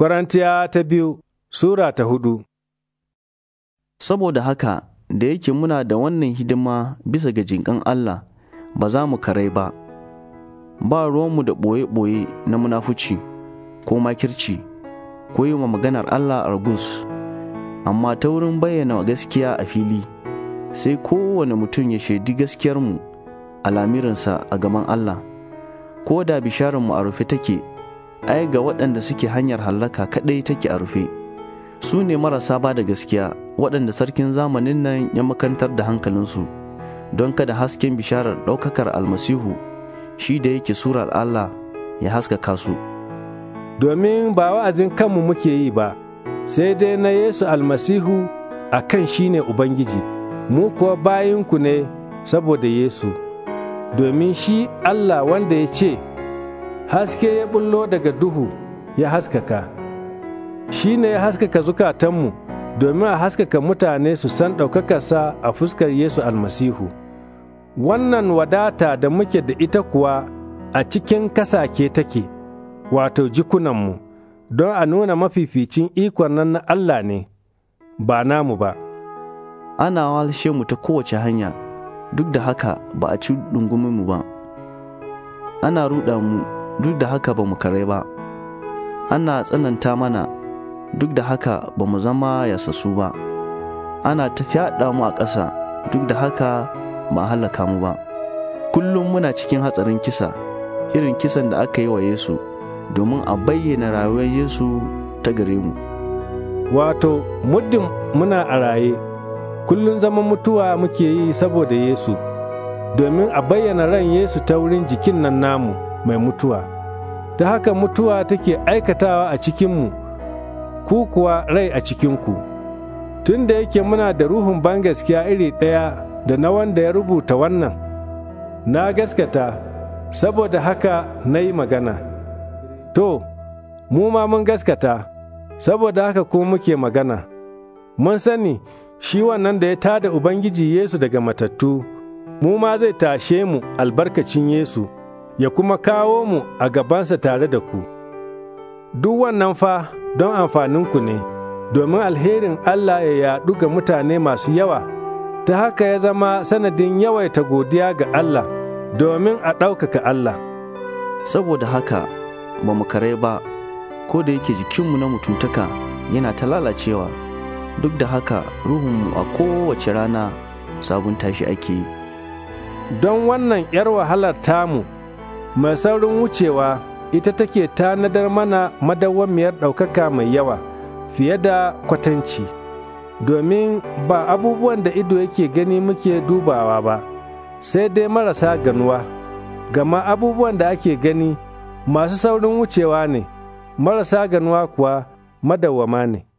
Korantiya ta biyu Sura ta hudu Saboda haka, da yake muna da wannan hidima bisa ga jinƙan Allah, ba za mu karai ba, ba ruwanmu da ɓoye-ɓoye na munafuci, ko makirci, ko yi wa maganar Allah argus, amma ta wurin bayyana gaskiya a fili, sai kowane mutum ya shaidi gaskiyarmu a lamirinsa a gaban Allah, ko da bisharinmu a rufe take. ai ga waɗanda suke hanyar hallaka kaɗai take a rufe su ne marasa ba da gaskiya waɗanda sarkin zamanin nan ya makantar da hankalinsu don kada hasken bisharar ɗaukakar almasihu shi da yake surar Allah ya haskaka su. Domin ba wa'azin kanmu muke yi ba, sai dai na Yesu almasihu a kan shi ne Ubangiji, mu kuwa bayinku ne saboda Yesu, domin shi Allah wanda ya ce, haske ya bullo daga duhu ya haskaka shi ne ya haskaka zukatanmu domin a haskaka mutane su san ɗaukakarsa a fuskar Yesu almasihu wannan wadata da muke da ita kuwa a cikin kasake take wato jikunanmu don a nuna mafificin ikon nan na Allah ne ba namu ba ana walshe mu ta kowace hanya duk da haka ba a ci mu ba ana ruɗa mu duk da haka ba mu kare ba ana tsananta mana duk da haka ba mu zama yasasu ba ana tafiya mu a ƙasa duk da haka ba halaka mu ba kullum muna cikin hatsarin kisa irin kisan da aka yi wa yesu domin a bayyana rayuwar yesu ta gare mu wato muddin muna a raye kullum zaman mutuwa muke yi saboda yesu domin a bayyana ran yesu ta wurin jikin nan namu mai mutuwa. Ta haka mutuwa take aikatawa a cikinmu, ku kuwa rai a cikinku. Tun da yake muna da ruhun bangaskiya iri ɗaya da na wanda ya rubuta wannan, na gaskata, saboda haka na yi magana. To, mu ma mun gaskata, saboda haka kuma muke magana. Mun sani, shi wannan da ya tada Ubangiji Yesu daga matattu, mu ma zai tashe mu albarkacin Yesu. ya kuma kawo mu a gabansa tare da ku. Duk wannan fa don amfaninku ne, domin alherin Allah ya yaɗu ga mutane masu yawa, ta haka ya zama sanadin yawaita godiya ga Allah, domin a ɗaukaka Allah. Saboda haka, ba mu kare ba, ko da yake jikinmu na mutuntaka yana ta lalacewa, duk da haka ruhunmu a kowace rana sabon tashi ake yi. Don wannan 'yar wahalar tamu. mai saurin wucewa ita take tanadar mana madawwamiyar ɗaukaka mai yawa fiye da kwatanci domin ba abubuwan da ido yake gani muke dubawa ba sai dai marasa ganuwa gama abubuwan da ake gani masu saurin wucewa ne marasa ganuwa kuwa madawwama ne